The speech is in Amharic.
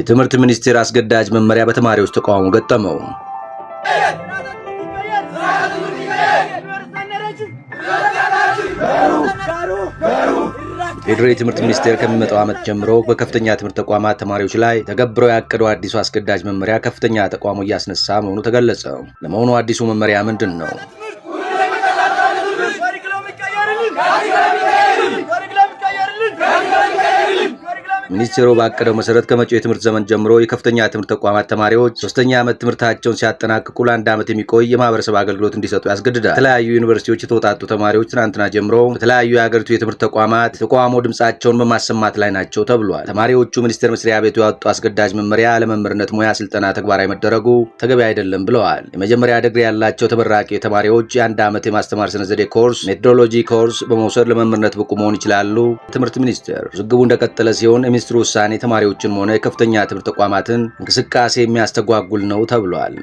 የትምህርት ሚኒስቴር አስገዳጅ መመሪያ በተማሪዎች ተቃውሞ ገጠመው። የፌዴራል ትምህርት ሚኒስቴር ከሚመጣው ዓመት ጀምሮ በከፍተኛ ትምህርት ተቋማት ተማሪዎች ላይ ተገብረው ያቀደው አዲሱ አስገዳጅ መመሪያ ከፍተኛ ተቃውሞ እያስነሳ መሆኑ ተገለጸ። ለመሆኑ አዲሱ መመሪያ ምንድን ነው? ሚኒስቴሩ ባቀደው መሰረት ከመጪው የትምህርት ዘመን ጀምሮ የከፍተኛ ትምህርት ተቋማት ተማሪዎች ሶስተኛ ዓመት ትምህርታቸውን ሲያጠናቅቁ ለአንድ ዓመት የሚቆይ የማህበረሰብ አገልግሎት እንዲሰጡ ያስገድዳል። የተለያዩ ዩኒቨርሲቲዎች የተውጣጡ ተማሪዎች ትናንትና ጀምሮ በተለያዩ የሀገሪቱ የትምህርት ተቋማት ተቋሞ ድምፃቸውን በማሰማት ላይ ናቸው ተብሏል። ተማሪዎቹ ሚኒስቴር መስሪያ ቤቱ ያወጡ አስገዳጅ መመሪያ ለመምህርነት ሙያ ስልጠና ተግባራዊ መደረጉ ተገቢ አይደለም ብለዋል። የመጀመሪያ ዲግሪ ያላቸው ተመራቂ ተማሪዎች የአንድ ዓመት የማስተማር ስነ ዘዴ ኮርስ ሜቶዶሎጂ ኮርስ በመውሰድ ለመምህርነት ብቁ መሆን ይችላሉ። ትምህርት ሚኒስቴር ዝግቡ እንደቀጠለ ሲሆን ሚኒስትሩ ውሳኔ ተማሪዎችን ሆነ ከፍተኛ ትምህርት ተቋማትን እንቅስቃሴ የሚያስተጓጉል ነው ተብሏል።